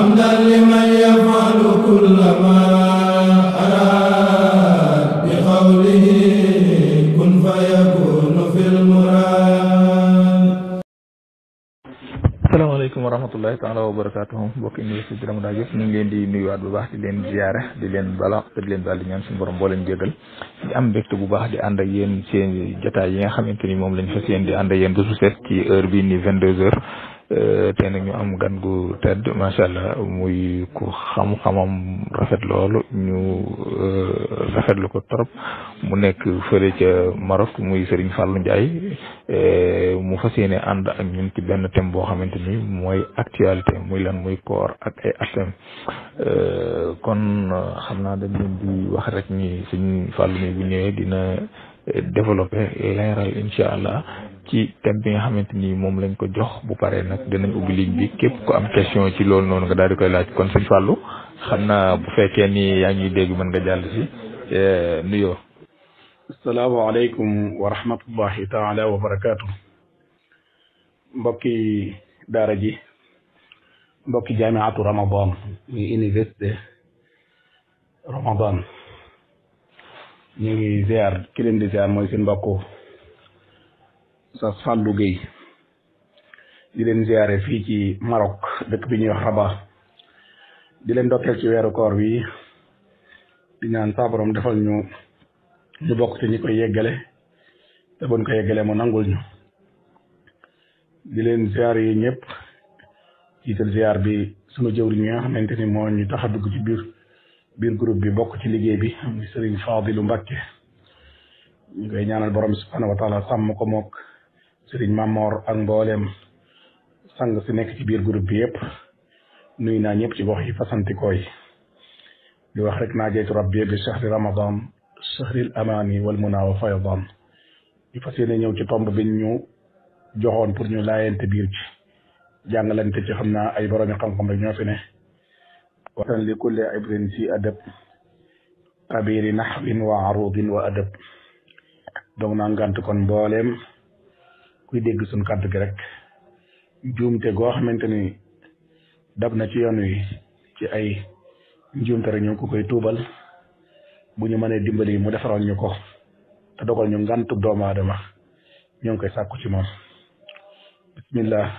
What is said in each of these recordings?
حمدا لمن يفعل كل ما أراد بقوله كن فيكون في المراد salaamaaleykum wa rahmatullahi taala wa barakaatuhu ngi leen di nuyuwaat bu baax di leen ziyaare di leen bala te di leen baal di ñaan suñu borom boo leen jégal di am bu baax di ànd ak yéen seen jotaay yi nga xamante ni moom lañ fas yéen di ànd yen yéen set ci heure bii ni vingt deux heures Euh, te nag ñu am gan gu tedd macha allah muy ku xam-xamam rafet loolu ñu euh, rafetlu ko trop mu nekk fële ca Maroc muy Serigne Fallou Ndiaye euh, mu fas yéene ànd ak ñun ci benn thème boo xamante ni mooy actualité muy lan muy koor ak ay atem kon xam naa dañ leen di wax rek ni Serigne Fallou mi bu ñëwee dina. développé leeral incha allah ci thème bi nga xamante ni moom lañ ko jox bu paree nag dinañ ubbi ligne bi képp ko am question ci loolu noonu nga daal di koy laaj kon sëñ Fallou xam naa bu fekkee ni yaa ngi dégg mën nga jàll si eh, nuyoo. asalaamaaleykum wa rahmatullahi taala wa barakaatu. mbokki daara ji. mbokki jaamiatu Ramadan. muy université Ramadan. ñu ngi ziar ki leen di ziar mooy seen mbokku sa Fallou Guèye di leen ziare fii ci Maroc dëkk bi ñuy wax Rabat di leen dokkeel ci weeru koor wi di ñaan saa borom defal ñu ñu bokk ci ñi koy yeggale te buñ ko yeggale mu nangul ñu di leen ziar yi ñëpp jiital ziar bi sunu jëwriñ yi nga xamante ni moo ñu tax a dugg ci biir. biir groupe bi bokk ci liggéey bi muy sëriñ Fadilu Mbàkke ñu koy ñaanal borom subhaanahu wa taala sàmm ko mook sëriñ Mamor ak mbooleem sang si nekk ci biir groupe bi yépp nuy naa ñëpp ci gox yi fasantikoo yi di wax rek naa rab rabbi bi chahri ramadan chahril amaani wal muna wa faydan ñu fas yéene ñëw ci tomb bi ñu joxoon pour ñu laayante biir ci jàngalante ci xam naa ay boroomi xam-xam rek ñoo fi ne watan li kulli ibrin si adab abiri naxwin wa arudin wa adab donc naa ngant kon mbooleem kuy dégg sun kàddu gi rek njuumte goo xamante ni dab na ci yoon wi ci ay njuumte rek ñu ko koy tuubal bu ñu mënee dimbali mu defaral ñu ko te dogal ñu ngàntub doomu aadama ñoo ngi koy sàkku ci moom bismillah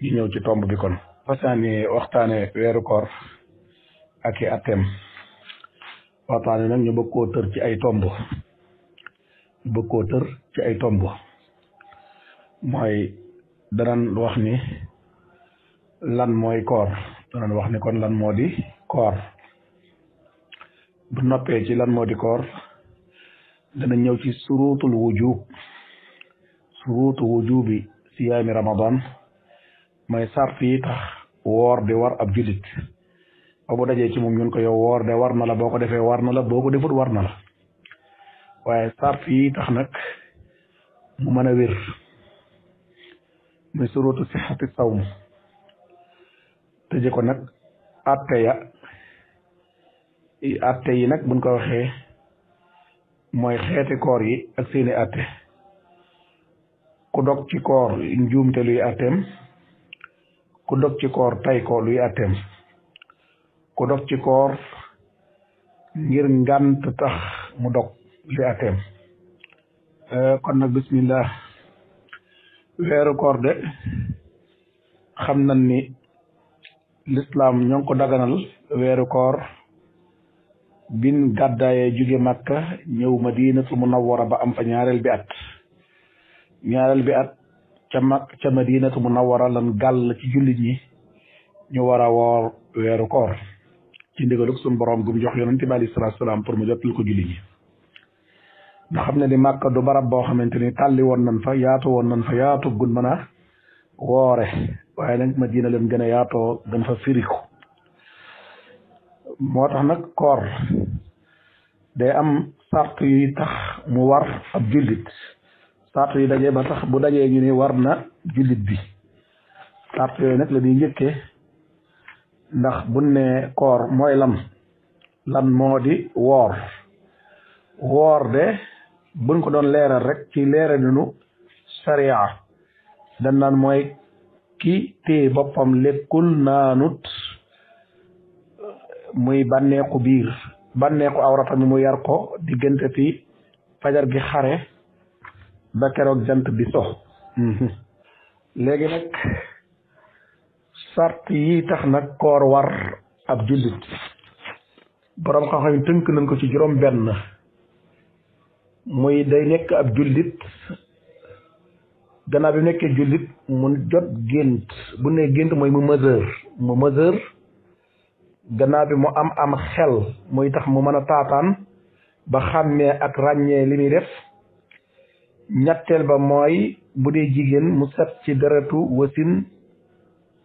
ñu ñëw ci tomb bi kon fasaani waxtaane weeru koor ak i atteem waxtaane nag ñu bëgg koo tër ci ay tomb ñu bëgg koo tër ci ay tomb mooy danan wax ni lan mooy koor danan wax ni kon lan moo di koor bu noppee ci lan moo di koor dana ñëw ci surutul wujub surutu wujubi siyaami ramadan mooy sart yi woor di war ab jullit ba bu dajee ci moom ñun ko yow woor de war na la boo ko defee war na la boo ko defut war na la waaye sart yi tax nag mu mën a wér muy surutu sixati sawm tëje ko nag atte ya atte yi nag buñ ko waxee mooy xeeti koor yi ak seeni atte ku dog ci koor njuumte luy atteem ku dog ci koor tay ko luy atteem ku dog ci koor ngir ngànt tax mu dog li ateem eh, kon nag bismillah weeru koor de xam nañ ni lislaam ñoo ngi ko daganal weeru koor bin gàddaayee jóge màkka ñëw ma madinatul munawwara ba am fa ñaareel bi at ñaareel bi at ca mag ca madinatu munawwara lan gàll ci jullit ñi ñu war a woor weeru koor ci ndigalug suñu borom gum jox yonente bi alayhi salaatu salaam pour mu jottali ko julli ñi nga xam ne ni màkka du barab boo xamante ni tàlli woon nan fa yaatu woon nan fa yaatu gun ma na woore waaye ma Madina leen gën a yaatoo gën fa firiku moo tax nag koor day am sart yuy tax mu war ab jullit sart yu dajee ba tax bu dajee ñu ni war na jullit bi sart yooyu nag la ñuy njëkkee ndax bune ne koor mooy lan lan moo di woor woor de buñ ko doon leeral rek ci leeralinu sariya dan naan mooy ki téye boppam lekkul naanut uh, muy bànneexu biir bànneexu awrata mu yar ko diggante fi fajar gi xare ba keroog jant bi so mm-hmm. léegi sart yi tax nag koor war ab jullit boroom xam-xam yi tënk nañ ko ci juróom benn muy day nekk ab jullit gannaaw bi mu nekkee jullit mu jot gént bu ne gént mooy mu mesure mu mesure gannaaw bi mu am am xel muy tax mu mën a taataan ba xàmmee ak ràññee li muy def ñetteel ba mooy bu dee jigéen mu set ci deretu wasin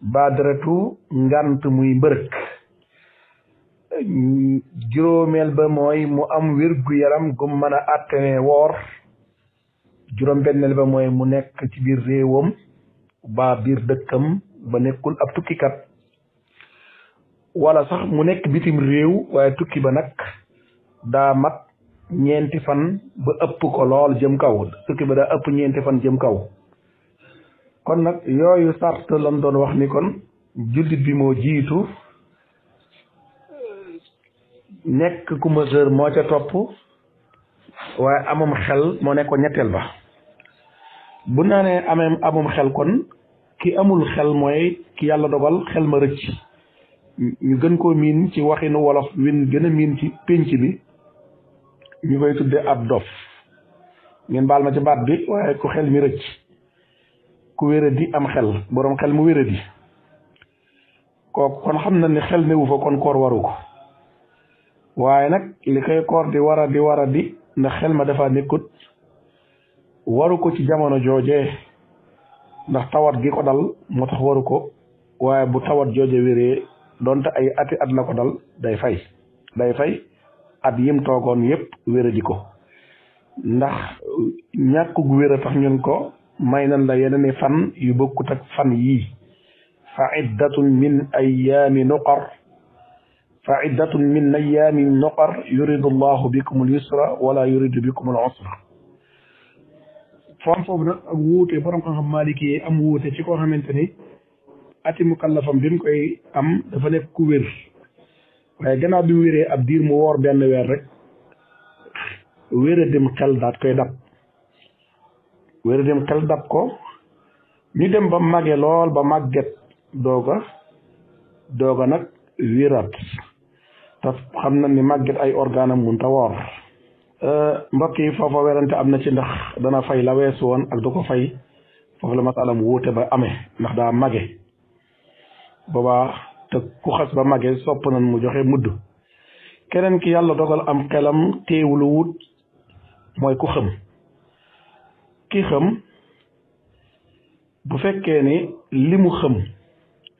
baadaratu ngant muy mbërëk juróomeel ba mooy mu am wér-gu-yaram gu mën a attene woor juróom-benneel ba mooy mu nekk ci biir réewam ba biir dëkkam ba nekkul ab tukkikat wala sax mu nekk bitim réew waye tukki ba nag daa mat ñeenti fan ba ëpp ko lool jëm kaw tukki ba daa ëpp ñeenti fan jëm kaw kon nag yooyu sart lan doon wax ni kon jullit bi moo jiitu nekk ku majeur moo ca topp waaye amum xel moo nekkoon ñetteel ba bu naa ne amee amum xel kon ki amul xel mooy ki yàlla dogal xel ma rëcc ñu gën koo miin ci waxinu wolof win gën a miin ci pénc bi ñu koy tuddee ab dof ngeen baal ma ci baat bi waaye ku xel mi rëcc ku wéradi am xel boroom xel mu wéradi kooku kon xam na ne xel newu fa kon koor waru ko waaye nag li koy koor di wara di ndax xel ma dafa nekkut waru ko ci jamono jooje ndax tawat gi ko dal moo tax waru ko waaye bu tawat jooje wéree donte ay ati at la ko dal day fay day fay at yim toogoon yëpp wéradi ko ndax ñàkkug wér a tax ñun ko may nan la yeneen fan yu bokkut ak fan yii fa iddatun min ayaami nuqar fa iddatun min ayaami nuqar yuridu llahu bikum al yusra wala yuridu bikum al usra foofu nag wuute borom xam-xam maaliki yi am wuute ci koo xamante ni ati mukallafam bi mu koy am dafa nekk ku wér waaye gannaaw bi mu wéree ab diir mu woor benn weer rek wéra dem xel daat koy dab wéra dem xel dab ko ñu dem ba màgge lool ba màgget dooga dooga nag wéraat te xam na ni màgget ay organam am munta woor euh, mbokk yi foofa werante am na ci ndax dana fay la weesu woon ak du ko fay foofu la masalaam wuute ba amee ndax daa màgge boobaa te ku xas ba màgge sopp nañ mu joxe mudd keneen ki yàlla dogal am xelam téewulu wut mooy ku xëm ki xam bu fekkee ni limu mu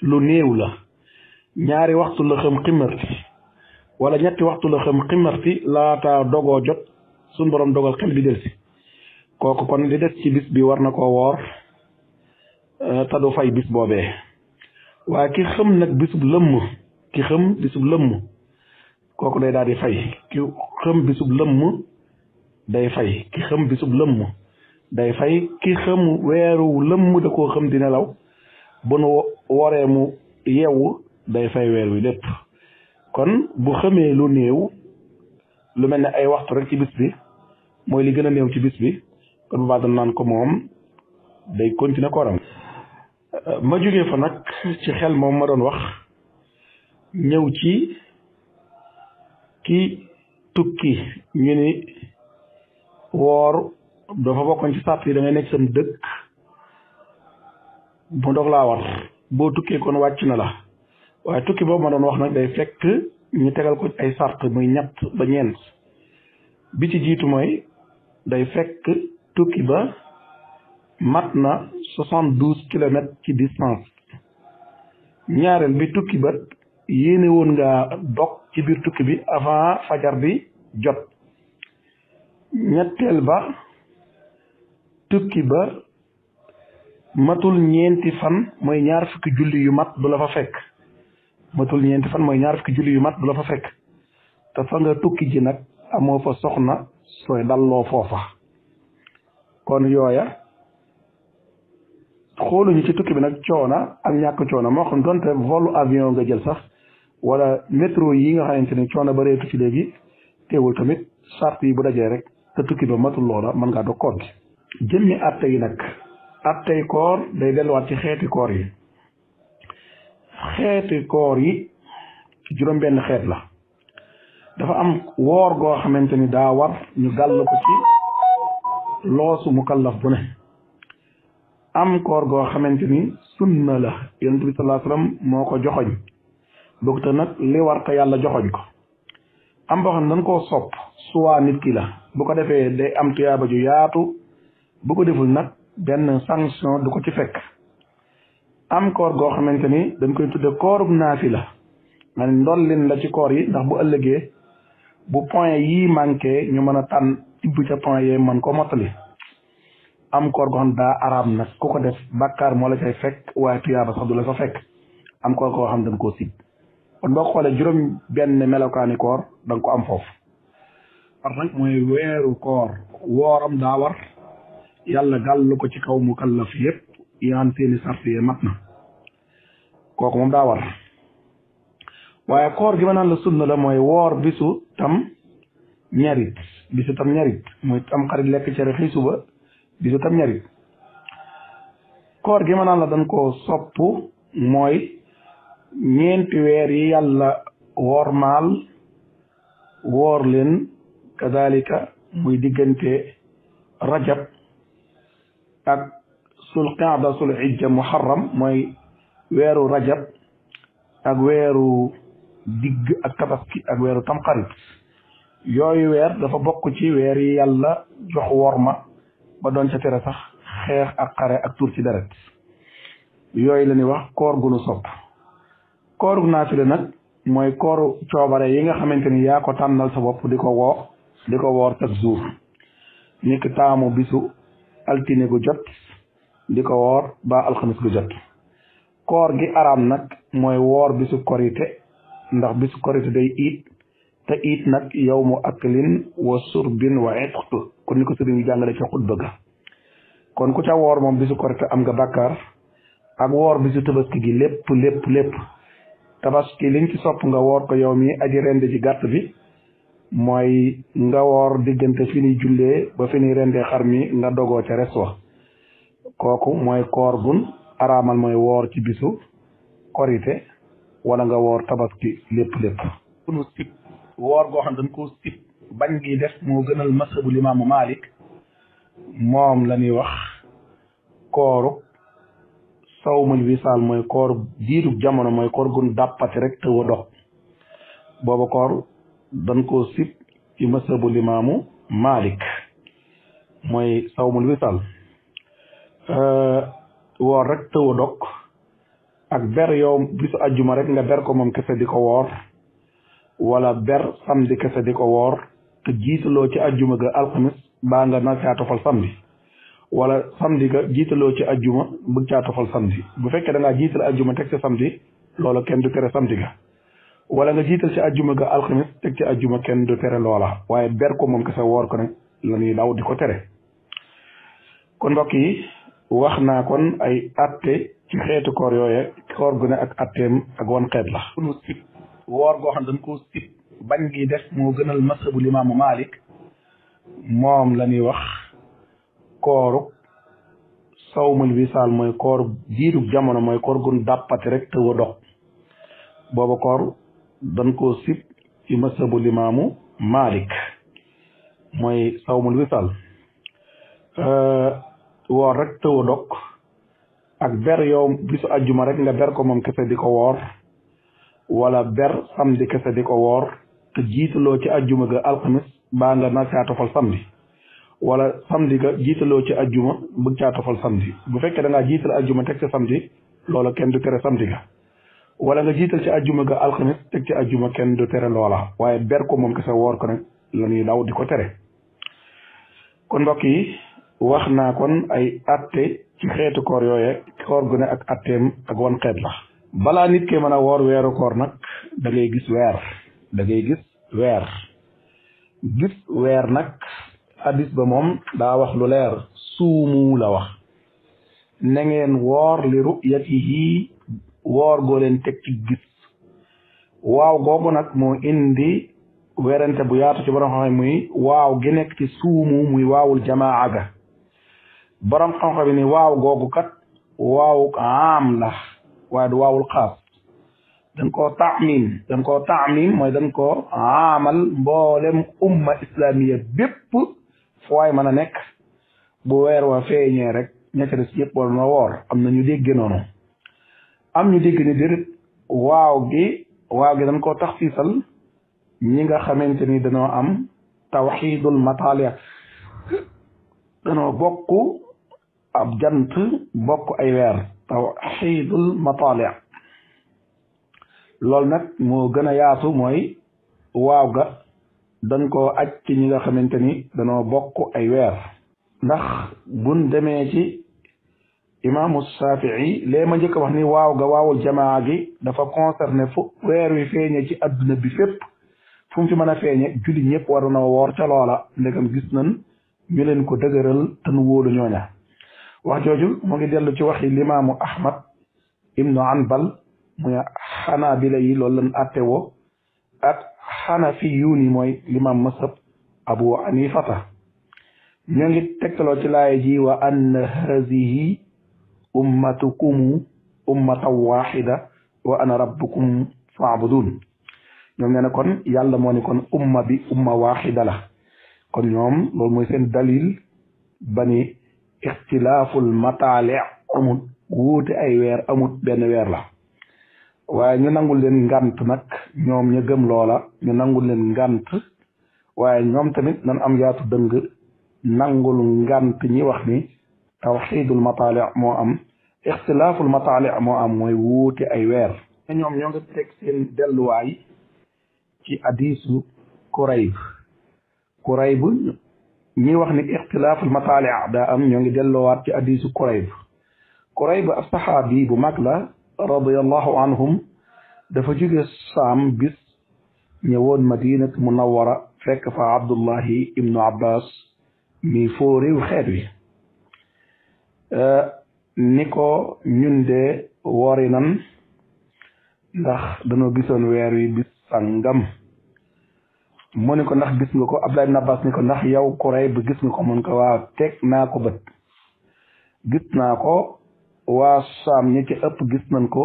lu néew la ñaari waxtu la xam ximarti wala ñetti waxtu la xam ximarti laata dogo jot suñ borom dogal xel bi del si kooku kon li des ci bis bi war na ko woor euh, te du fay bis boobee waaye ki xam nag bisub lëmm ki xam bisub lëmm kooku day daal di fay ki xam bisub lëmm day fay ki xam bisub lëmm day fay ki xëm weeru lëmm da koo xëm di nelaw bu nu waree mu yewu day fay weer wi lépp kon bu xamee lu néew lu mel ne ay waxtu rek ci bis bi mooy li gën a néew ci bis bi kon bu baax naan ko moom day continuer kooram ma jógee fa nag ci xel moom ma doon wax ñëw ci ki tukki ñu ni woor dafa bokkoon ci sàtt yi da nekk sam dëkk mu doog laa war boo tukkee kon wàcc na la waaye tukki boobu ma doon wax nag day fekk ñu tegal ko ay sàrt muy ñett ba ñeent bi ci jiitu mooy day fekk tukki ba mat na soixante douze kilomètres ci distance ñaareel bi tukki ba yéene woon nga dog ci biir tukki bi avant fajar bi jot ñetteel ba tukki ba matul ñeenti fan mooy ñaar fukki julli yu mat du la fa fekk matul ñeenti fan mooy ñaar fukki yu mat du fekk te fa nga tukki ji nag amoo fa soxna sooy dalloo foofa kon yooya xooluñu ci tukki bi nag coona ak ñàkk coona moo xam donte volu avion nga jël sax wala métro yi nga xamante ni coona ba reetu ci léegi teewul tamit sart yi bu dajee rek te tukki ba matul loola mën ngaa dog koor jëmmi atte yi nag attey koor day delluwaat ci xeeti koor yi xeeti koor yi juróom benn xeet la dafa am woor goo xamante ni daa war ñu gàll ko ci loosu mukallaf bu ne am koor goo xamante ni sunna la yonent bi sallallahu alayhi moo ko joxoñ bokk te nag li war yàlla joxoñ ko am boo xam ne sopp suwaa nit ki la bu ko defee day am tuyaaba ju yaatu bu ko deful nag benn sanction du ko ci fekk am koor goo xamante ni dañ koy tudde koorub naafi la ma ne ndollin la ci koor yi ndax bu ëllëgee bu point yii manqué ñu mën a tànn tibb ca point yee mën koo mottali am koor goo xam daa araam nag ku ko def bàkkaar moo la cay fekk waaye tuyaaba sax la fa fekk am koor goo xam dañ koo sib kon boo xoolee juróom benn melokaani koor da ko am foofu par nag mooy weeru koor wooram daa war yàlla gàll ko ci kaw mu kallaf yëpp yaan seeni yee mat na kooku moom daa war waaye koor gi ma naan la sunna la mooy woor bisu tam ñarit bisu tam ñarit mooy tam xarit lekk cere xii suba bisu tam ñarit koor gi ma naan la dañ koo sopp mooy ñeenti weer yi yàlla woor maal woor leen kadalika muy diggante rajab ak sul qaada sul hijja muharram mooy weeru rajab ak weeru digg ak tabaski ak weeru tamxarit yooyu weer dafa bokk ci weer yi yàlla jox worma ba doon ca tere sax xeex ak xare ak tur ci deret yooyu la ñuy wax koor gu nu sopp kooru naafila nag mooy kooru coobare yi nga xamante ni yaa ko tànnal sa bopp di ko woo di ko woor chaque jour ni ki taamu bisu altine gu jot di ko woor ba alxamis gu jot koor gi araam nag mooy woor bisu korite ndax bisu korite day iit te iit nag yawmu aklin wa surbin wa itq kon ni ko sëriñ bi jàngale ca xutba ga kon ku ca woor moom bisu korite am nga bàkkaar ak woor bisu tabaski gi lépp lépp lépp tabaski liñ ci sopp nga woor ko yow mi aji rend ci gàtt bi mooy nga woor diggante fi ñuy julle ba fi ñuy rendee xar mi nga dogoo ca res wax kooku mooy koor gun araamal mooy woor ci bisu korite wala nga woor tabaski lépp lépp bunu sib woor goo xam dañ koo sib bañ gi def moo gënal masabu limaamu Maalik moom la ñuy wax kooru sawmul wisaal mooy koor diirub jamono mooy koor gun dàppati rek te wa dog booba koor dan koo sib ci masabu limaamu Malik mooy sawmul wital woor rek tëw dog ak ber yow bisu ajjuma rek nga ber ko moom kese di ko woor wala ber samedi kese di ko woor te jiitaloo ci ajjuma ga alxamis baa nga na caa tofal samedi wala samedi ga jiitaloo ci ajjuma bëgg caa tofal samedi bu fekkee da ngaa jiital ajjuma teg ci samedi loolu kenn du tere samedi ga wala nga jiital ci ajjuma ga alxames teg ci ajjuma kenn du tere loola waaye ber ko moom kese woor ko nag la ñuy daw ko tere kon mbokk yi wax naa kon ay atte ci xeetu koor yooye koor gu ne ak atte ak wan xeet la lu dañ koo bañ gi def moo gënal masabu limaamu Maalik moom la ñuy wax kooru wi wisaal mooy koor diirug jamono mooy koor gun dàppati rek te wa booba koor dañ koo sib ci masabu limaamu Malik mooy sawmul wisaal woor rek tëw a ak ber yow bisu ajjuma rek nga ber ko moom kese di ko woor wala ber samedi kese di ko woor te jiitaloo ci ajjuma ga alxamis baa nga na caa tofal samedi wala samedi ga jiitaloo ci ajjuma bëgg caa tofal samedi bu fekkee da ngaa jiital ajjuma teg ci samedi loola kenn du tere samedi ga wala nga jiital ci ajjuma ga alxames teg ci ajjuma kenn du tere loola waaye ber ko moom kese woor ko nag la ñuy daw di ko tere kon mbokk yi wax naa kon ay atte ci xeetu koor yooye koor gu ne ak atte ak wan xeet la balaa nit ki mën a woor weeru koor nag da ngay gis weer da ngay gis weer gis weer nag addis ba moom daa wax lu leer suumu la wax na ngeen woor li ru'yatihi woor goo leen teg ci gis waaw googu nag moo indi werante bu yaatu ci borom xam-xam muy waaw gi nekk ci suumu muy waawul jamaa ga borom xam-xam bi ni waaw googu kat waaw aam la waaye du waawul xaas dañ ko taamin dañ koo taamin mooy dañ koo aamal mboolem umma islamiya bépp fooy mën a nekk bu weer wa feeñee rek ña ca des ñëpp na woor am na ñu dégg noonu am ñu dégg ne déedéet waaw gi waaw gi dañ koo tax siisal ñi nga xamante ni dañoo am tawxiidul mataalia dañoo bokk ab jant bokk ay weer tawxiidul mataalia loolu nag moo gën a yaasu mooy waaw ga dañ ko aj ci ñi nga xamante ni dañoo bokk ay weer ndax buñ demee ci imaamu Shafii lee ma njëkk wax ni waaw ga waawul jamaa gi dafa concerné fu weer wi feeñe ci adduna bi fépp fu mu fi mën a feeñe jullit ñëpp war na woor ca loola ndegam gis nan ñu leen ko dëgëral te nu ñooña wax jooju mu ngi dellu ci waxi limaamu Ahmad ibnu Anbal muy xanaabila yi loolu lan atte woo ak xanafi yuuni mooy limaam masab abu anifata ñoo ngi tegtaloo ci laay ji wa ann ummatukum ummatan waxida wa ana rabbukum faabudun ñoom nee kon yàlla moo ne kon umma bi umma waxida la kon ñoom loolu mooy seen dalil ba ni ixtilaaful mataale amut wuute ay weer amut benn weer la waaye ñu nangul leen ngànt nag ñoom ñu gëm loola ñu nangul leen ngànt waaye ñoom tamit nan am yaatu dëng nangul ngànt ñi wax ni tawxiidul mataali moo am ixtilaaful mataali moo am mooy wuute ay weer ñoom ñoo ngi teg seen delluwaay ci hadiisu Kurayb Kurayb ñi wax ni ixtilaaful mataali daa am ñoo ngi delluwaat ci hadiisu Kurayb Kurayb ab saxaabi bu mag la radiyallahu anhum dafa jóge saam bis ñëwoon madinat munawwara fekk fa abdullahi ibnu abbas mi foo réew xeet wi Euh, ni ko ñun de woori nan ndax dañoo gisoon weer wi bis sàngam mu ni ko ndax gis nga ko Abdullah ibn Abbas ni ko ndax yow Kurayb bu gis nga ko mun ko waaw teg naa ko bët gis naa ko waa Saam ñi ci ëpp gis nañ ko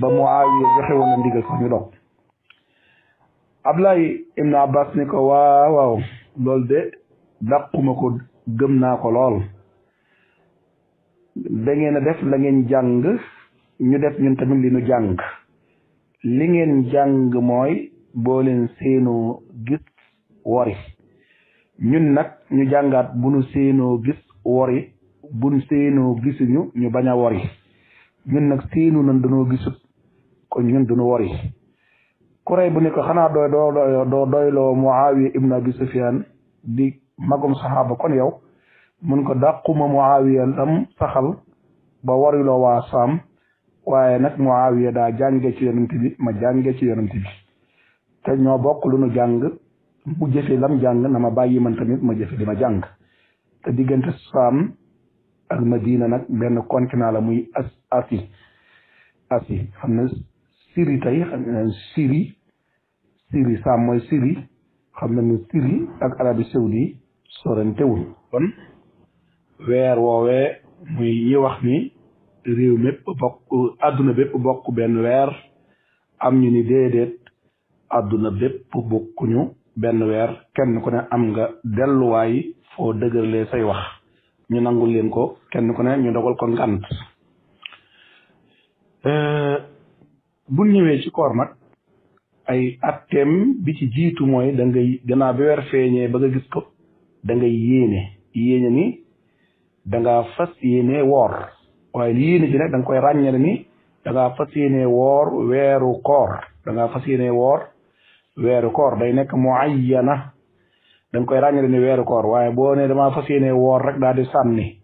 ba Muawiya joxe woon na ndigal sax ñu dog Abdullah ibn Abbas ni ko waaw waaw de dàquma ko gëm naa ko lool da ngeen a def la ngeen jàng ñu def ñun tamit li ñu jàng li ngeen jàng mooy boo leen seenoo gis wori ñun nag ñu jàngaat bu nu seenoo gis wori bu nu seenoo gisuñu ñu bañ a wori ñun nag seenu nan danoo gisut kon ñun duñu wori kuréy bu ni ko xanaa dooy doo doyloo Muawiya ibn Abi Sufyan di magum saxaaba kon yow mun ko mu Muawiya lam saxal ba wariloo waa Saam waaye nag Muawiya daa jànge ci yonent bi ma jànge ci yonent bi te ñoo bokk lu nu jàng bu jëfe lam jàng na ma bàyyi man tamit ma jëfe di ma jàng te diggante Saam ak Madina nag benn continent la muy as Asi Asi xam ne Syrie tey xam ne Syrie Syrie Saam mooy siri xam ne Syrie ak Arabie Saoudi sorentewul kon weer woowee muy ñi wax ni réew mépp bokk bépp bokk benn weer am ñu ni déedéet àdduna bépp bokkuñu benn weer kenn ku ne am nga delluwaay foo dëgërlee say wax ñu nangu leen ko kenn ku ne ñu dogal ko ngant euh, bu ñëwee ci koor nag ay atteem bi ci jiitu mooy da ngay gannaaw bi weer feeñee ba nga gis ko da ngay yéene yéene ni da ngaa fas yéene woor waaye yéene ji nag da koy ràññale ni da yéene woor weeru koor da ngaa woor weeru koor day nekk muayyana da nga koy ràññale ni weeru koor waaye boo ne damaa fas yéene woor rek daal di sànni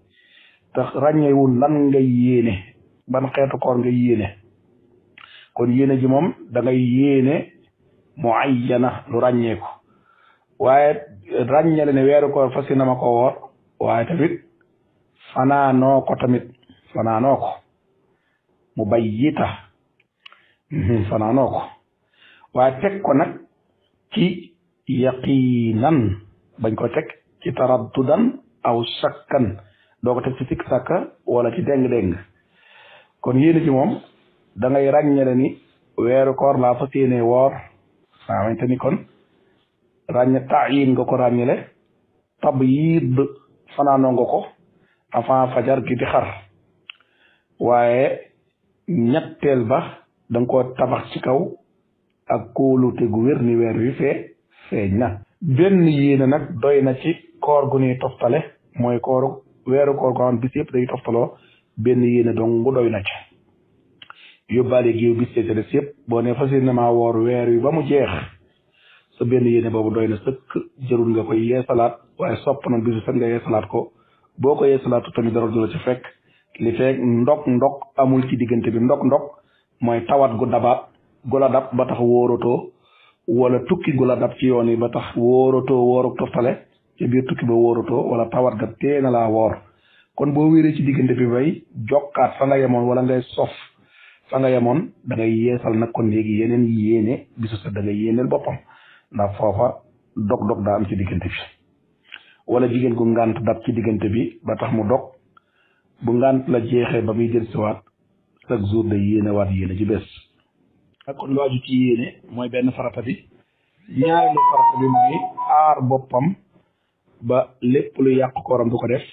tax ràññewul lan ngay yéene ban xeetu koor ngay yéene kon yéene ji moom da ngay yéene muayyana lu ràññeeku waaye ràññale ne weeru koor fas yéene ko woor waaye tamit fanaanoo ko tamit fanaanoo mu bay yita mhm. fanaanoo ko waaye teg ko nag ci yaqiinan bañ ko teg ci taraddudan aw sakkan doo ko teg ci tik sàkk wala ci déng-déng kon yéen ci moom da ngay ni weeru koor laa fas yéene woor waawante ni kon ràññe taayin ko ràññale tab yiid fanaanoo nga ko avant fajar gi di xar waaye ñetteel ba da ko tabax ci kaw ak kóolute gu wér ni weer wi fee seeñ na benn yéena nag doy na ci koor gu ñuy toftale mooy kooru weeru koor gu am bis yëpp day toftaloo benn yéene dong bu doy na ci yóbbaale géew bis te des yëpp boo ne fas yéene woor weer wi ba mu jeex sa benn yéene boobu doy na sëkk jërul nga koy yeesalaat waaye sopp na bisu sax nga yeesalaat ko boo ko yeesalaatu tamit dara du la ci fekk li fekk ndok ndok amul ci diggante bi ndok ndok mooy tawat gu daba gu la dab ba tax wóoratoo wala tukki gu la dab ci yoon yi ba tax wóoratoo wóoruk biir tukki ba wóoratoo wala tawat ga tee na laa woor kon boo wéree ci diggante bi bay jokkaat fa nga yemoon wala ngay sof fa nga yemoon dangay ngay yeesal nag kon léegi yeneen yéene bisu sa da ngay yéeneel boppam ndax foofa dog dog daa am ci diggante bi wala jigéen gu ngànt dab ci diggante bi ba tax mu dog bu ngànt la jeexee ba mi jël siwaat chaque jour day yéene waat yéene ci bés ak ci yéene mooy benn farata bi ñaareelu farata bi mooy aar boppam ba lépp lu yàq kooram du ko def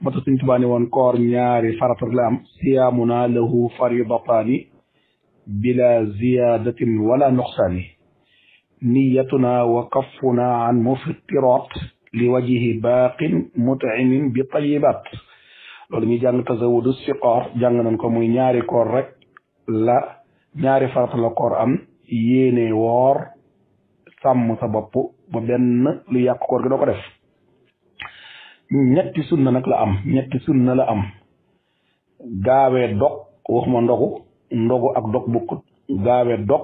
moo tax suñ tubaani woon koor ñaari farata la am siyaamuna lahu faridataani bila ziyadatin wala nuqsaani niyatuna wa kaffuna an muftirat li wajihi baaqin mut'imin bi tayibat loolu ñuy jàng tasawudu si koor jàng nañ ko muy ñaari koor rek la ñaari farata la koor am yéene woor sàmm sa bopp ba benn lu yàq koor gi doo ko def ñetti sunna nag la am ñetti sunna la am gaawee dog waxuma ndogu ndogu ak dog bukkut gaawee dog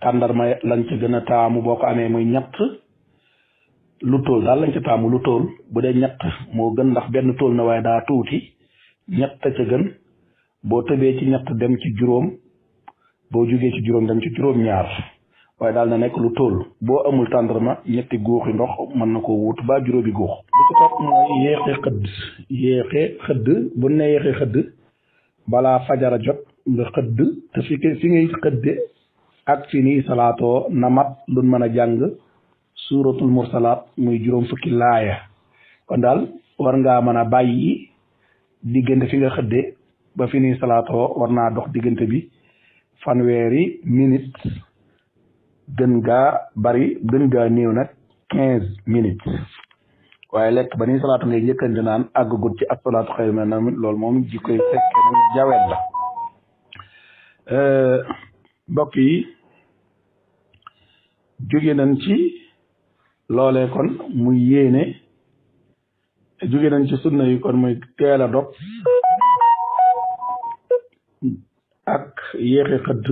tàndarma lañ ci gën a taamu boo ko amee muy ñett lu tool daal lañ ca taamu lu tool bu dee ñett moo gën ndax benn tool na waaye daa tuuti ñett ca gën boo tëbee ci ñett dem ci juróom boo jógee ci juróom dem ci juróom-ñaar waaye daal na nekk lu tool boo amul ma ñetti góoxi ndox mën na koo wut ba juróomi góox bi ci topp yéexe xëdd yéexe xëdd bu ne yéexe xëdd balaa fajara jot nga xëdd te fi fi ngay xëdde ak fi nii salaatoo na mat luñ mën a jàng suuratul mursalaat muy juróom fukki laaya kon daal war ngaa mën a bàyyi diggante fi nga xëdde ba fi ni salaatoo war naa dox diggante bi fanweeri minutes gën gaa bari gën gaa néew nag quinze minutes waaye lekk ba ni salaatu ngay njëkkante naan àggagut ci asalaatu xayru min nawm loolu moom ji koy fekke nag jawet la euh, mbokk yi jóge nañ ci loole kon muy yéene jóge nañ ci sunna yi kon muy teel a dog ak yéexe xëdd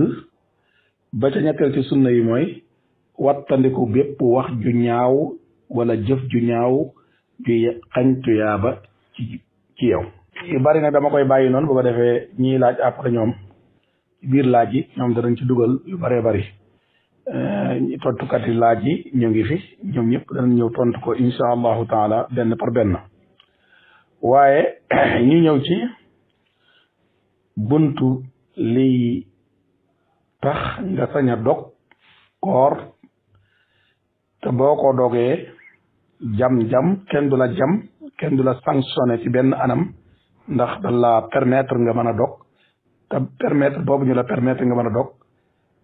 ba ca ñetteel ci sunna yi mooy wattandiku bépp wax ju ñaaw wala jëf ju ñaaw ju xañ tuyaaba ci ci yow yu bari nag dama koy bàyyi noonu bu ko defee ñiy laaj après ñoom biir laaj yi ñoom danañ ci dugal yu baree bari Eh, tontukat yi laaj yi ñu ngi fi ñoom yëpp dana ñëw tontu ko incha allahu taala benn par benn waaye ñu ñëw ci buntu liy tax nga sañ a dog koor te boo ko dogee jam-jam kenn du la jam kenn du la sanctionné ci benn anam ndax da la permettre nga mën a dog te permettre boobu ñu la permettre nga mën a dog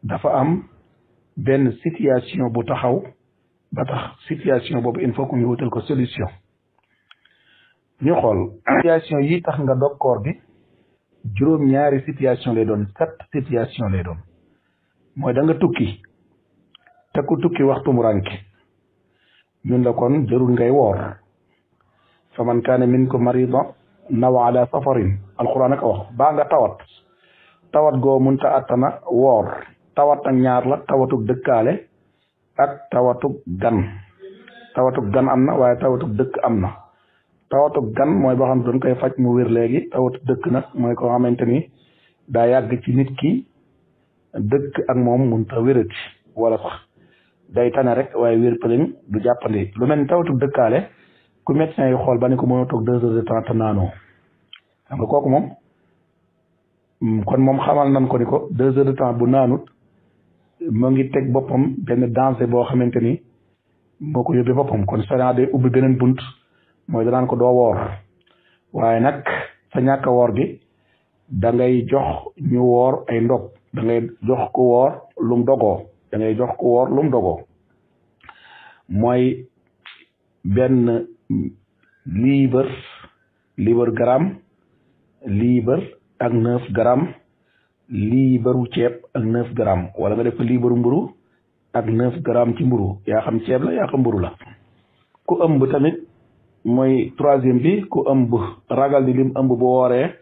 dafa am benn situation bu taxaw ba tax situation boobu il faut que ñu wutal ko solution ñu xool situation yi tax nga dog bi juróom ñaari situation lay doon sept situation lay doon mooy danga tukki te ku tukki waxtu mu rànke ñun la kon jarul ngay woor fa man kaane ko maridan naw ala safarin alquran aka wax baa nga tawat tawat goo munta attana woor tawat a ñaar la tawatug dëkkaale ak tawatug gan tawatug gan am na waaye tawatug dëkk am na tawatug gan mooy boo xam ne dañ koy faj mu wér léegi tawatug dëkk nag mooy koo xamante ni daa yàgg ci nit ki dëkk ak moom mënta wérati wala sax day tane rek waaye wér pëleñ du jàppandi lu mel ni tawatug dëkkaale ku médecin yi xool ba ni ko mën a moom xamal nan ko ni deux heures de temps bu naanut moo ngi teg boppam benn danger boo xamante ni moo ko yóbbee boppam kon sharia day ubbi beneen bunt mooy danaan ko doo woor waaye nag sa ñàkk a woor gi da jox ñu woor ay ndog da ngay jox ku woor lum dogoo da jox ku woor lum dogoo mooy benn liibar liibar gramme liibar ak neuf gramme liibaru ceeb ak neuf grammes wala nga def ko liibaru mburu ak neuf grammes ci mburu yaa xam ceeb la yaa xam mburu la ku ëmb tamit mooy troisième bi ku ëmb ragal ni lim ëmb bu wooree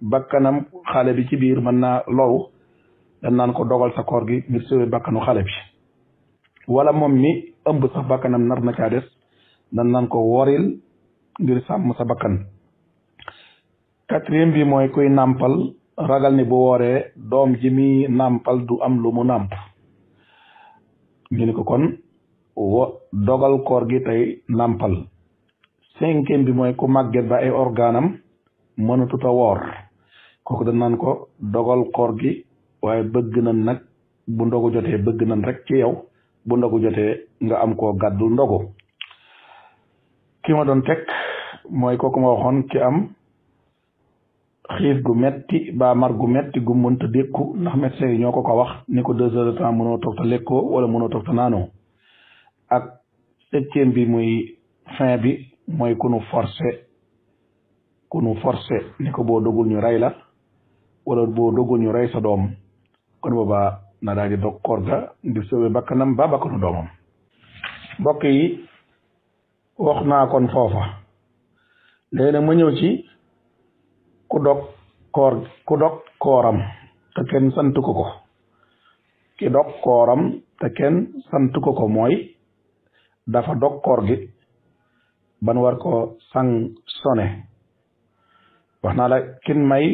bakkanam xaale bi ci biir mën naa loru dan naan ko dogal sa koor gi ngir sauver bakkanu xale bi wala moom mi ëmb sax bakkanam nar na caa des dan naan ko woril ngir sàmm sa bakkan quatrième bi mooy kuy nàmpal ragal ni bu wooree doom ji mi nàmpal du am lu mu nàmp ñu ni ko kon dogal koor gi tey nàmpal cinquième bi mooy ku màgget ba ay organam mënatu a woor kooku da naan ko dogal koor gi waaye bëgg nañ nag bu ndogu jotee bëgg nañ rek ci yow bu ndogu jotee nga am ko gàddu ndogu ki ma doon teg mooy kooku ma waxoon ki am xiif gu metti ba mar gu metti gu mënta dékku ndax médecin yi ñoo ko ko wax ni ko deux heures de temps mënoo toog te lekkoo wala mënoo toog te naanoo ak septième bi muy fin bi mooy ku nu forcé ku ni ko boo dogul ñu rey la wala boo dogul ñu rey sa doom kon booba na daal di dog koor ga ngir sauvé bakkanam ba bakkanu doomam mbokk yi wax naa kon foofa léegi ma ñëw ci ku dog koor ku dog kooram te kenn sant ko ko ki dog kooram te kenn sant ko ko mooy dafa dog koor gi ban war ko sanctionné wax naa la kin may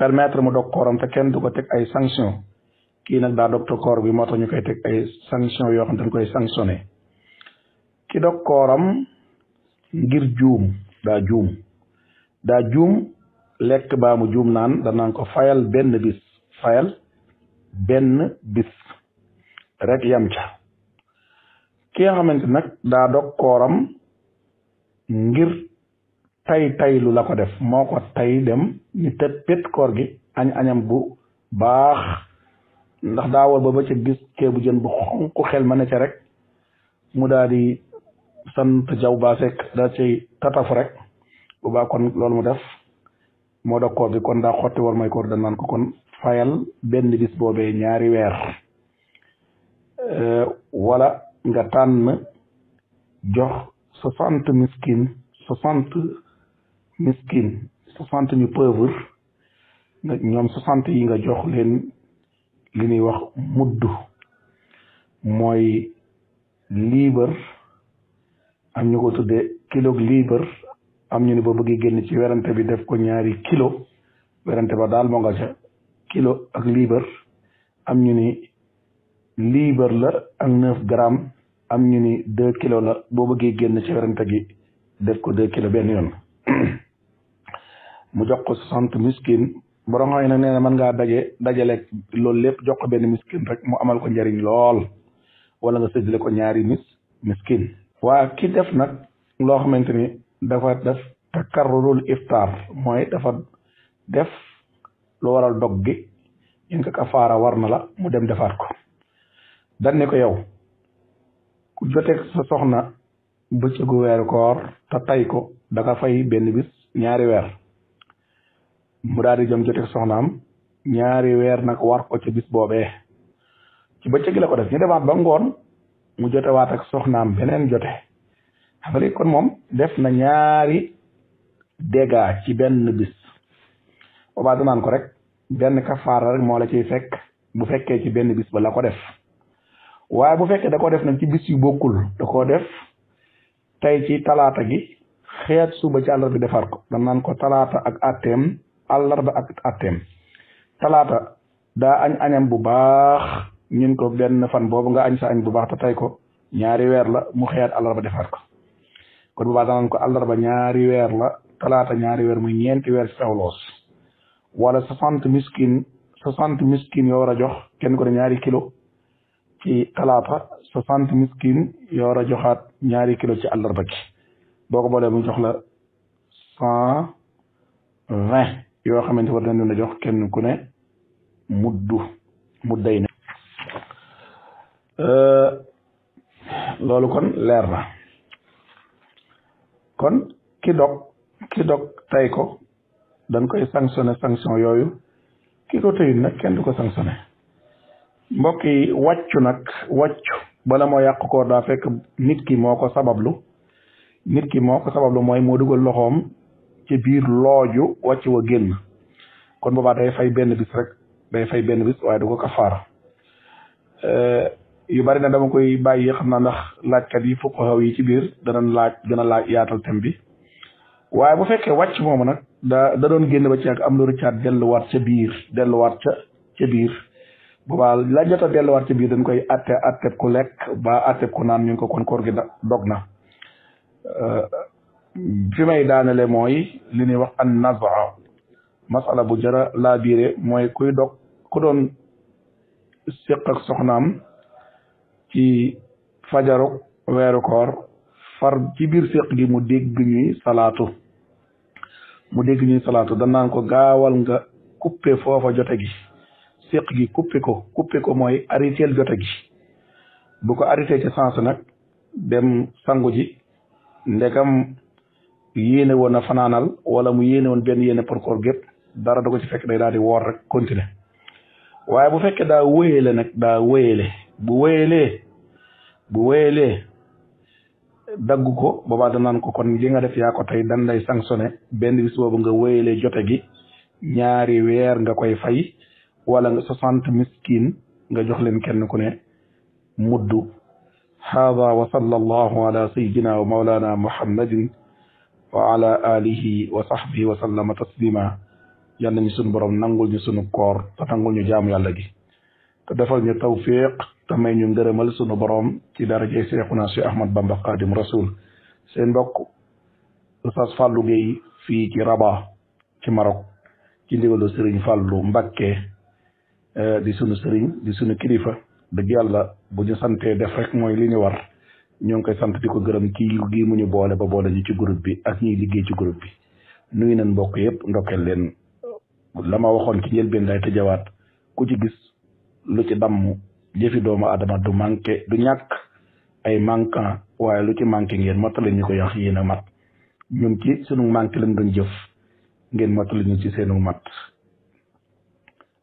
permettre mu dog kooram te kenn du ko teg ay sanction kii nag daa dog koor bi moo tax ñu koy teg ay sanction yoo xam dañ koy sanctionné ki dog kooram ngir juum daa juum daa juum lekk baa mu juum naan danaan ko fayal benn bis fayal benn bis rek yam ca ki nga xamante nag daa dog kooram ngir tay taylu la def moo ko tay dem ni tëppét koor gi añ añam bu baax ndax daa war ba bëccëg gis ceebu jën bu xonq xel ma ne ca rek mu daa di sant jaw baa daa cay tataf rek bu baa kon loolu mu def moo da koor kon daa xotti war may koor danaan ko kon fayal benn bis boobee ñaari weer euh, wala nga na jox soixante miskin soixante miskin soixante ñu pauvre nga ñoom soixante yi nga jox leen li ñuy wax mudd mooy liibar am ñu ko tudde kilo liibar am ñu ne boo bëggee génn ci werante bi def ko ñaari kilo werante ba daal moo nga ca kilo ak liibar am ñu ni liibar la ak neuf gramme am ñu ni deux kilo la boo bëggee génn ci werante gi def ko deux kilo benn yoon mu jox ko soixante miskin borom xam ne nee na mën ngaa daje dajale loolu lépp jox ko benn miskin rek mu amal ko njariñ lool wala nga séddale ko ñaari mis waa ki def nag loo xamante ni dafa def takarrurul iftaar mooy dafa def lu waral dog gi ñu ko kafaara war na la mu dem defaat ko dan ne ko yow ku joteeg sa soxna bëccëgu weeru koor te tay ko da fay benn bis ñaari weer mu daal di jëm joteeg soxnaam ñaari weer nag war ko ca bis boobee ci bëccëg la ko def ñu demaat ba ngoon mu jotewaat ak soxnaam beneen jote xam nga kon moom def na ñaari dégâts ci benn bis boobaa danaan ko rek benn kafaara rek moo la ciy fekk bu fekkee ci benn bis ba la ko def waaye bu fekkee da ko def nag ci bis yu bokkul da koo def tey ci talaata gi xeet suba ci àllarba defar ko danaan ko talaata ak atteem àllarba ak atteem talaata daa añ añam bu baax ñun ko benn fan boobu nga añ sa añ bu baax te tey ko ñaari weer la mu xeet àllarba defar ko kon bu baax danaan ko àllarba ñaari weer la talaata ñaari weer muy ñeenti weer ci saw loos wala soixante miskin soixante miskin yoo war a jox kenn ko ne ñaari kilo ci talaata soixante miskin yoo a joxaat ñaari kilo ci àllarba ki boo ko boolee mu jox la cent vingt yoo xamante war nañ leen a jox kenn ku ne muddu mudday ne euh, loolu kon leer na kon ki dog ki dog tay ko dañ koy sanctionné sanction yooyu ki ko tëyut nag kenn du ko sanctionné mbokk yi wàccu nag wàccu bala moo yàq ko daa fekk nit ki moo ko sabablu nit ki moo ko sabablu mooy moo dugal loxoom ci biir looju wàcc wa génn kon boobaa day fay benn bis rek day fay benn bis waaye du ko kafaara euh, yu bari na dama koy bàyyi xam naa ndax laajkat yi fuqahaw yi ci biir danañ laaj gën a laaj yaatal thème bi waaye bu fekkee wàcc moomu nag da doon génn ba ci am lu rëccaat delluwaat ca biir delluwaat ca ca biir boobaa la jot a delluwaat ca biir dañ koy atte atteb ku lekk ba atteb ku naan ñu ngi ko kon koor gi dog na fi may daanale mooy li ñuy wax an masala bu jara laa biire mooy kuy dog ku doon séq ak soxnaam ci fajaru weeru koor far ci biir séq gi mu dégg ñuy salaatu mu dégg ñuy salaatu danaan ko gaawal nga coupé foofa jote gi séq gi coupé ko coupé ko mooy arrêteel jote gi bu ko arrêté ci sens nag dem sangu ji ndegam yéene woon a fanaanal wala mu yéene woon benn yéene pour koor gépp dara da ci fekk day daal di woor rek continuer waaye bu fekkee daa wéyale nag daa wéyale bu wéyelee bu wéyelee dagg ko boobaa danaan ko kon li nga def yaa ko tey dan lay sanctionné benn bis boobu nga wéyelee jote gi ñaari weer nga koy fay wala nga soixante miskin nga jox leen kenn ku ne muddu hada wa sallallahu ala sayyidina wa mawlana muhammadin wa ala alihi wa sahbihi wa sallama taslima yal nañu sunu nangul ñu sunu koor te nangul ñu jaamu yàlla gi te defal te may ñu ngërëmal sunu boroom ci darajay Seexuna si Ahmad Bamba Xaadim Rasul seen mbokk Oustaz Fallou Guèye fii ci Rabat ci Maroc ci ndigalu Serigne Fallou Mbacké eh, di sunu sëriñ di sunu kilifa dëgg yàlla bu ñu santee def rek mooy li ñu war ñoo ngi koy sant di ko gërëm ci yiw mu ñu boole ba boole ñu ci groupe bi ak ñiy liggéey ci groupe bi nuyu nañ mbokk yëpp ndokkeel leen la ma waxoon ci njëlbeen day tëjawaat ku ci gis lu ci damm jëfi doomu adama du manqué du ñàkk ay manquant waaye lu ci manqué ngeen mottali ñu ko yax yéen na mat ñun ci sunu manqué lañ doon jëf ngeen mottali ñu ci seenu mat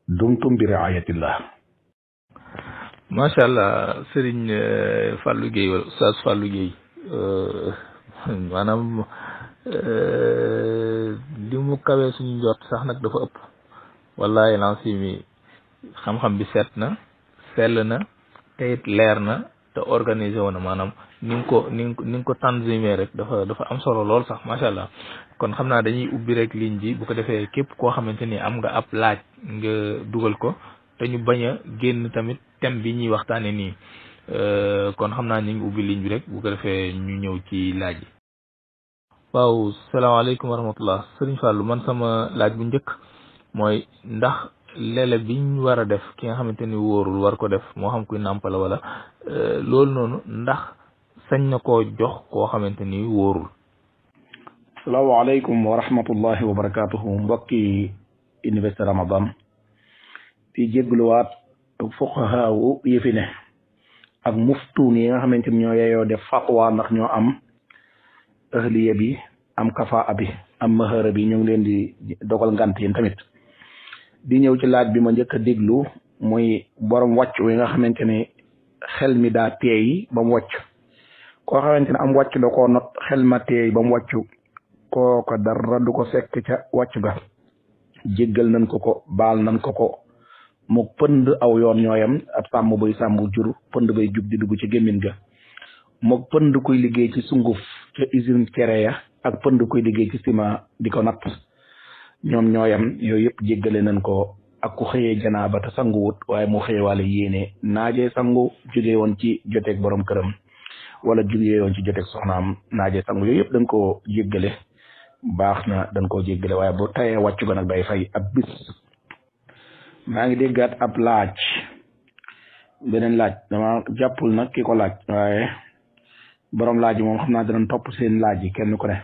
dumtum bi riayatillah macha allah sëriñ eh, Fallou Guèye wala oustaz Fallou Guèye eh, maanaam eh, li mu kawee suñu njort sax nag dafa ëpp wallahi lansi mi xam-xam bi seet na sell na te it leer na te organisé wu na maanaam ni nga ko ni nga ko ni nga ko tanzimé rek dafa dafa am solo lool sax macha allah kon xam naa dañuy ubbi rek ligne bi bu ko defee képp koo xamante ni am nga ab laaj nga dugal ko te ñu bañ a génn tamit thème bi ñuy waxtaane nii euh, kon xam naa ñu ngi ubbi ligne bi rek bu ko defee ñu ñëw ci laaj yi. waaw salaamaaleykum wa rahmatullah Serigne Fallou man sama laaj bu njëkk mooy ndax. lele biñ war a def ki nga xamante ni wóorul war ko def moo xam kuy nàmpala wala euh, loolu noonu ndax sañ na ko jox koo xamante ni wóorul salaamaaleykum wa rahmatullahi wa barakatuhu mbokki université ramadan di jéggluwaat fuqahaa wu ak muftuun yi nga xamante ni ñoo yeyoo def fatwa ndax ñoo am ahliya bi am kafa bi am mahara bi ñu ngi leen di dogal ngant yéen tamit di ñëw ci laaj bi ma njëkk a déglu muy borom wàcc wi nga xamante ne xel mi daa teey ba mu wàcc koo xamante ne am wàcc da koo not xel ma teey ba mu wàcc kooko dara du ko fekk ca wàcc ga jéggal nañ ko ko baal nañ ko ko mu pënd aw yoon ñooyam ab sàmm bay sàmm jur pënd bay jub di dugg ci gémmin ga moog pënd koy liggéey ci sunguf ca usine cere ya ak pënd koy liggéey ci ciment di ko natt ñoom ñooyam yooyu yëpp jéggale nañ ko ak ku xëyee janaaba te sanguwut waaye mu xëyee wàlla yéene naaje sangu jóge woon ci joteeg boroom këram wala jóge woon ci joteeg soxnaam naaje sangu yooyu yëpp dañ koo jéggale baax na dañ koo jéggale waaye bu tayee wàccu ko nag day fay ab bis maa ngi déggaat ab laaj beneen laaj dama jàppul nag ko laaj waaye borom laaj yi moom xam naa danañ topp seen laaj yi kenn ku ne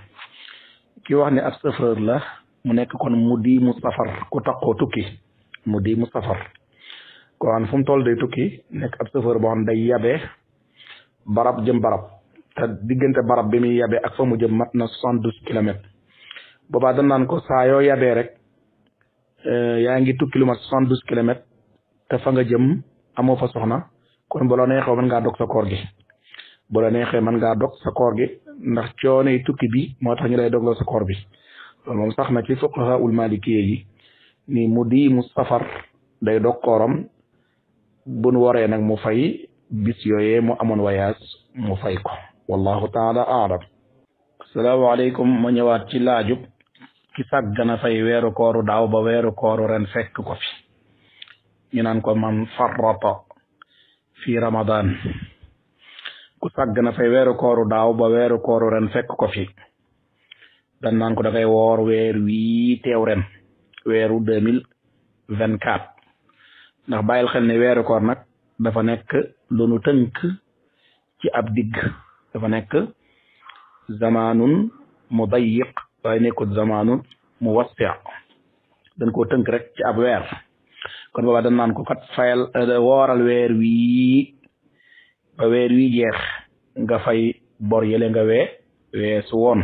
ki wax ab chauffeur la mu nekk kon mu di mu safar ku taqoo tukki mu di mu safar koo xam ne fu mu toll day tukki nekk ab safar boo xam ne day yabe barab jëm barab te diggante barab bi muy yabe ak fa mu jëm mat na soixante douze kilomètres boobaa dañ naan ko saa yoo yabee rek euh, yaa ngi tukki lu mat soixante douze kilomètres te fa nga jëm amoo fa soxna kon bu la neexee man ngaa dog sa koor gi bu la neexee mën ngaa dog sa koor gi ndax coono yi tukki bi moo tax ñu lay dogloo sa koor bi moom sax na ci fuqahaul malikiye yi ni mu di mu safar day dog kooram buñ waree nag mu fay bis yooyee mu amoon wayaas mu fay ko wallahu taala aalam asalaamaaleykum ma ñëwaat ci laajub ki sàggana fay weeru koru daaw ba weeru kooru ren fekk ko ñu naan ko man farrata fi ramadan ku sàggana fay weeru kooru daaw ba weeru kooru ren fekk ko fi dan naan ko dafay woor weer wii teew ren weeru deux mille vingt quatre ndax bàyyil xel ne weer koor nag dafa nekk lu nu tënk ci ab digg dafa nekk zamaanun mu dayiq waaye nekkut zamaanun mu wassee dañ koo tënk rek ci ab weer kon booba dañ ko kat fayal euh, wooral weer wii ba weer wii jeex nga fay bor yële nga wee weesu woon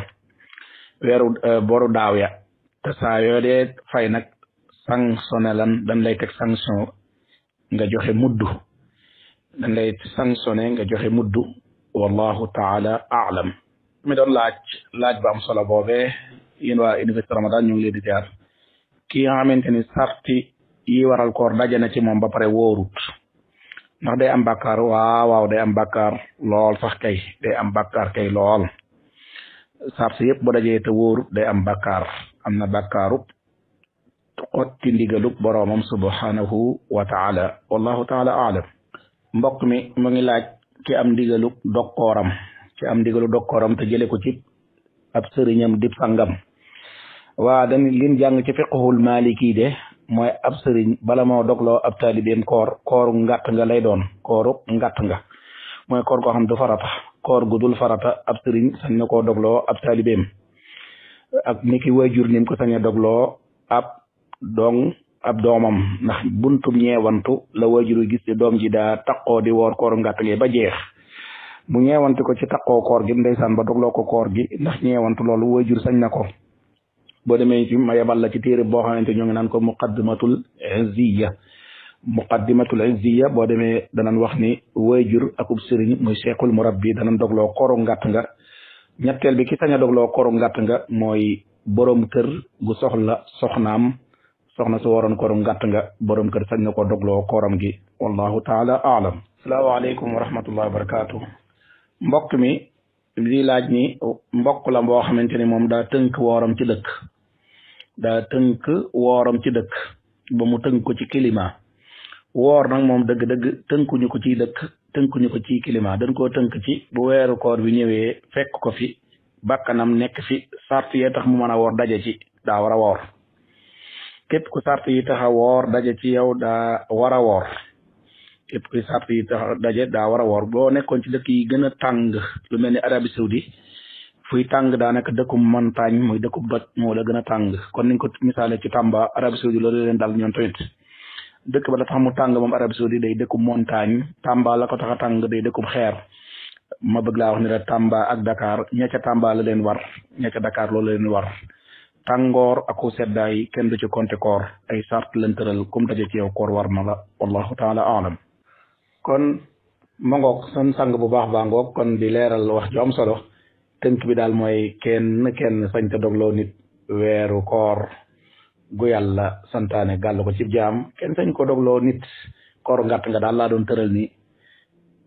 weeru eh, boru daaw ya te saa yoo dee fay nag sanctionné lan dañ lay teg sanction nga joxe muddu dañ lay sanctionné nga joxe muddu wallahu taala aalam mi doon laaj laaj ba am solo boobee yéen waa université ramadan ñu ngi leen di jaar ki nga xamante ni sarti yi waral koor daje na ci moom ba pare wóorut ndax day am bàkkaar waaw waaw day am bàkkaar lool sax kay day am bàkkaar kay lool sart yëpp bu dajee te wóorut day am bakkaar am na bakkaarub xotti ndigalub boroomam subhanahu wa taala wallahu taala aalam mbokk mi mu ngi laaj ki am ndigalub dokkooram ki am ndigalu te jële ko ci ab sëriñam dib sangam wa dañ lin jàng ci fiqhul maliki de mooy ab sëriñ bala moo dogloo ab taalibeem koor kooru ngàtt nga lay doon kooru ngàtt nga mooy koor koo du farata koor gu dul farata ab sëriñ sañ na koo dogloo ab taalibeem ak ni ki waajur ni mu ko sañee dogloo ab dong ab doomam ndax buntum ñeewantu la waajur gis ne doom ji daa taqoo di woor koor ngàtt ngee ba jeex mu ñeewantu ko ci takko koor gi ndeysaan ba dogloo ko koor gi ndax ñeewantu loolu waajur sañ na ko boo demee ci ma yebal la ci téere boo xamante ñoo ngi naan ko muqaddimatul muqaddimatul izziya boo demee danañ wax ni wayjur akub sëriñ sequl seexul murabbi danañ dogloo koru ngàtt nga ñetteel bi ki sañ a dogloo koru ngàtt nga mooy borom kër gu soxla soxnaam soxna su waroon koro ngàtt nga borom kër sañ na ko dogloo koram gi wallahu taala aalam asalaamaaleykum wa rahmatullahi wa barakaatu mbokk mi lii laaj ni mbokk la boo xamante ni moom daa tënk wooram ci dëkk daa tënk wooram ci dëkk ba mu tënk ko ci climat woor nag moom dëgg-dëgg tënkuñu ko ci dëkk tënkuñu ko ci climat dañ koo tënk ci bu weeru koor bi ñëwee fekk ko fi bakkanam nekk fi sart yee tax mu mën a woor daje ci daa war a woor képp ku sart yi tax a woor daje ci yow daa war a woor képp ku sart yi daje daa war a boo nekkoon ci dëkk yi gën a tàng lu mel ni Arabie Saoudi fuy tàng daanaka dëkkum montagne muy dëkkum doj moo la gën a tàng kon niñ ko misaale ci Tamba Arabie Saoudi loolu leen daal ñoom tamit dëkk ba la tax mu tàng moom Arabie Saoudite day dëkku montagne Tamba la ko tax a tàng day xeer ma bëgg laa wax la Tamba ak Dakar ña ca Tamba la leen war ña ca Dakar loolu la leen war tàngoor ak seddaay kenn du ci compter koor ay sart lañ tëral comme daje ci yow koor war na la wallahu taala alam kon ma ngoog sang bu baax baa ngoog kon di leeral wax ju am solo tënk bi daal mooy kenn kenn sañ te dogloo weru weeru koor gu yàlla santaane gàll ko ci jaam kenn sañ ko dogloo nit koru ngàtt nga daal laa doon tëral ni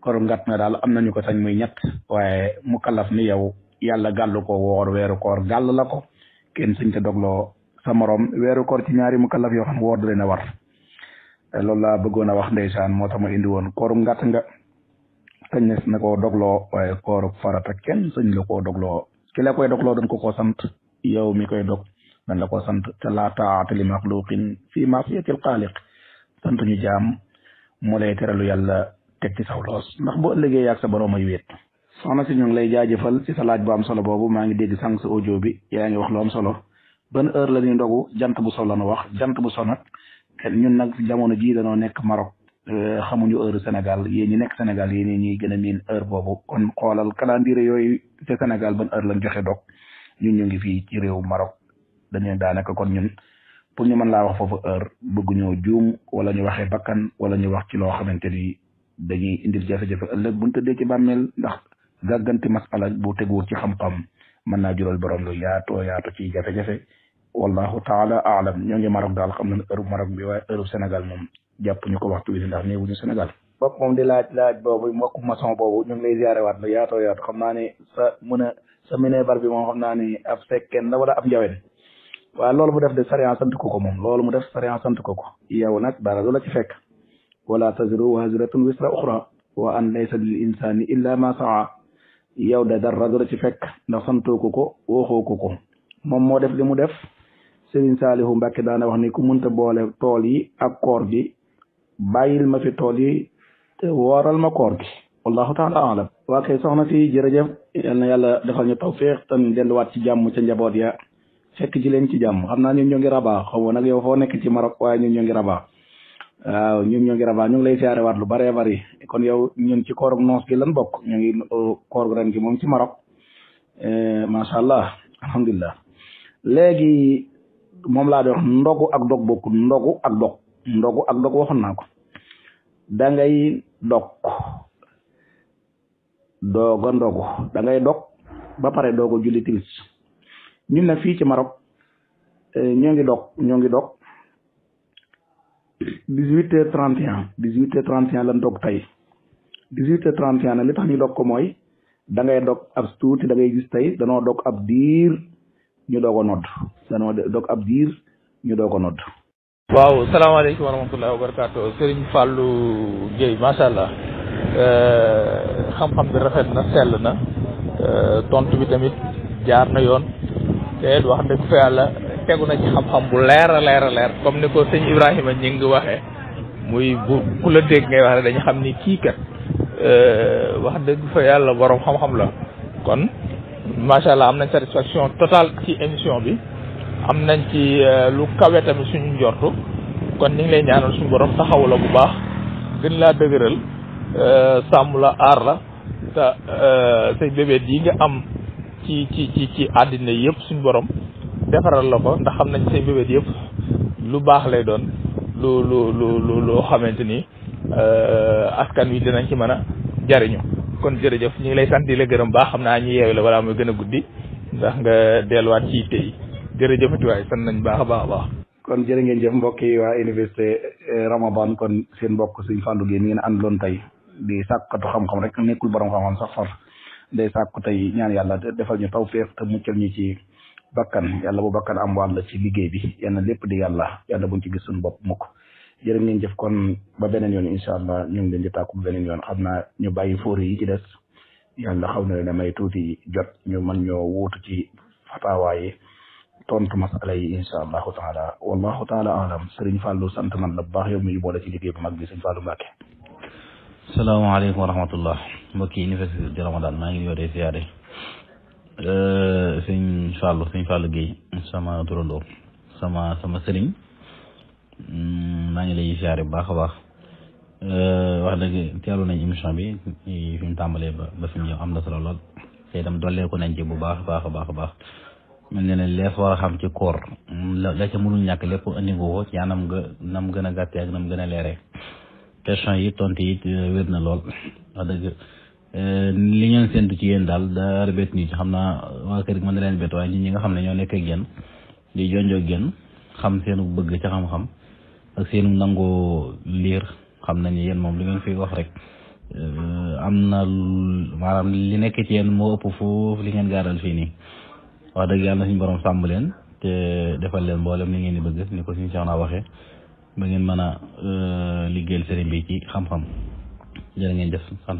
koru ngat nga daal am nañu ko sañ muy ñat waaye mu kalaf ni yow yàlla gàll ko woor weeru koor gàll la ko kenn sañ te dogloo sa moroom weeru koor ci ñaari mu kalaf yo xam woor da leen a war loolu laa bëggoon a wax ndeysaan moo tax ma indi woon kooru ngàtt nga sañ na koo dogloo waaye kooru farata kenn sañ la koo dogloo ki la koy dogloo dañ ko koo sant yow mi koy dog dañ la ko sant te laa taata li maxluqin fi maasiyatil xaaliq sant ñu jaam mu lay teralu yàlla teg ci saw loos ndax boo sa borom ay wéet soxna si ñu ngi lay jaajëfal ci sa laaj bu am solo boobu maa ngi dégg sànq sa audio bi yaa ngi wax lu am solo ban heure la ñuy ndogu jant bu so la wax jant bu so nag ñun nag jamono jii dañoo nekk Maroc euh, xamuñu heure Sénégal yéen ñi nekk Sénégal yéen ñuy gën a miin heure boobu kon xoolal calendrier yooyu ca Sénégal ban lañ joxe dog ñun ñu ngi fii ci réew Maroc dañuy daanaka kon ñun pour ñu mën laa wax foofu heure bëgguñoo juum wala ñu waxe bakkan wala ñu wax ci loo xamante ni dañuy indil jafe-jafe ëllëg buñ tëddee ci bàmmeel ndax gàgganti masala bu teguwul ci xam-xam mën naa jural borom lu yaatoo yaato ci jafe-jafe wallahu taala alam ñoo ngi Maroc daal xam na ne heure bu bi waaye heure bu moom jàpp ñu ko waxtu bi ndax néewu ñu Sénégal bopp moom di laaj laaj boobu mbokk maçon boobu ñu ngi lay waat lu yaatoo yaatu xam naa ne sa mën a sa minébar bi moom xam naa ne ab sekkeen la wala ab njawen waaw loolu mu def de sariya sant ko ko moom loolu mu def sariya sant ko ko yow nag dara du la ci fekk wala taziru waziratun wisra uxra wa an laysa lil insani illa ma saa yow de dara du la ci fekk ndax sant ko ko waxoo ko ko moom moo def li mu def Serigne Saliou Mbacke daana wax ni ku munta boole tool yi ak koor gi bàyyil ma fi tool yi te wooral ma koor gi wallahu taala alam waa soxna si jërëjëf yal na yàlla defal ñu tawfiq tan delluwaat ci jàmm ca njaboot ya fekk ji leen ci jàmm xam naa ñun ñoo ngi rabaa xaw ma nag yow foo nekk ci Maroc waaye ñun ñoo ngi rabaa waaw ñun ñoo ngi rabaa ñu ngi lay siyaare waat lu bëree bëri kon yow ñun ci koorug noos gi lan bokk ñu ngi uh, koorug ren gi moom ci Maroc eh, macha allah alhamdulilah léegi moom laa doon wax ndogu ak dog bokk ndogu ak dog ndogu ak dog waxoon naa ko da ngay dog doog ndogu da ngay dog ba pare doog a julli timis ñun nag fii ci Maroc euh, ñoo ngi dog ñoo ngi dog dix huit heures trente et un dix huit heures trente et un lan dog tey dix huit heures trente li tax ñu dog ko mooy da ngay dog ab tuuti da ngay gis tey danoo dog ab diir ñu doo ko nodd danoo dog ab diir ñu doo ko nodd waaw salaamaaleykum wa rahmatullahi wa barakaatu Serigne Fallou Gueye macha allah euh, xam-xam bi rafet na sell na euh, tontu bi tamit jaar na yoon te wax dëgg fa yàlla tegu na ci xam-xam bu leer a leer leer comme ni ko sëñ Ibrahima ñi ngi waxee muy bu ku la dégg ngay wax rek dañu xam ni kii kat euh, wax dëgg fa yàlla borom xam-xam la kon macha allah am nañ satisfaction totale ci émission bi am nañ ci euh, lu kawe tamit suñu njortu kon ñu lay ñaanal suñu borom taxawu la bu baax gën laa dëgëral euh, sàmm la aar la te say bébét yi nga am. ci ci ci ci àddina yëpp suñ borom defaral la ko ndax xam nañ say mbébét yëpp lu baax lay doon lu lu lu lu loo xamante ni euh, askan wi dinañ ci mën a jariñu kon jërëjëf ñu ngi lay sant di la gërëm baax xam naa ñu yeewi la balaa muy gën a guddi ndax nga delluwaat ci tey jërëjëfati waaye sant nañ baax a baax kon jërë ngeen jëf mbokk yi waa université euh, Ramadan kon seen mbokk suñ fàndu gi ni ngeen àndaloon tey di sàkkatu xam-xam rek nekkul borom xam-xam sax far de sàkku tey ñaan yàlla defal ñu taw tawféex te muccal ñu ci bakkan yàlla bu bakkan am wàll ci liggéey bi yàlla lépp di yàlla yàlla buñ ci gis suñu bopp mukk jërë ngeen jëf kon ba beneen yoon incha allah ñu ngi leen di tàkku ba beneen yoon xam naa ñu bàyyi fóori yi ci des yàlla xaw na leen may tuuti jot ñu man ñoo wuutu ci fataawaa yi tontu masala yi incha allahu taala wallahu taala alam sëriñ Fallou sant man la bu baax yow mi boole ci liggéey bu mag bi sëriñ Fallou Mbacke salaamaaleykum wa rahmatullah mbokki université ma Ramadan maa ngi yoree siyaare euh, sëñ Fallou sëñ Fallou Guèye sama turandoo sama sama sëriñ mm, maa ngi lay siyaare bu baax a baax euh, wax dëgg teelu nañ émission bi fi mu tàmbalee ba ba fi mu ñëw am na solo lool te itam dolleeku nañ ci bu baax a baax a baax a baax mel ne ne lees war xam ci koor la ca ñàkk lépp andi nga ko ci anam nga nam gën a gàttee ak nam gën a leeree question yi tontu yi euh, wér na lool wax dëgg Euh, li ngeen séntu ci yéen daal daara nii nit xam naa waa kër gi mën na leen bett waaye nit ñi nga xam ne ñoo nekk ak di jonjoo ak xam seenu bëgg ca xam-xam ak seenu nangoo liir xam na nañu yéen moom li ngeen fi wax rek euh, am na maanaam li nekk ci yéen moo ëpp foofu li ngeen gaaral fii nii wax dëgg yàlla suñu borom sàmm leen te defal leen mboolem ni ngeen di bëgg ni ko suñu soxna naa waxe ba ngeen mën a euh, liggéeyal sëriñ bi ci xam-xam jërë ngeen jëf sant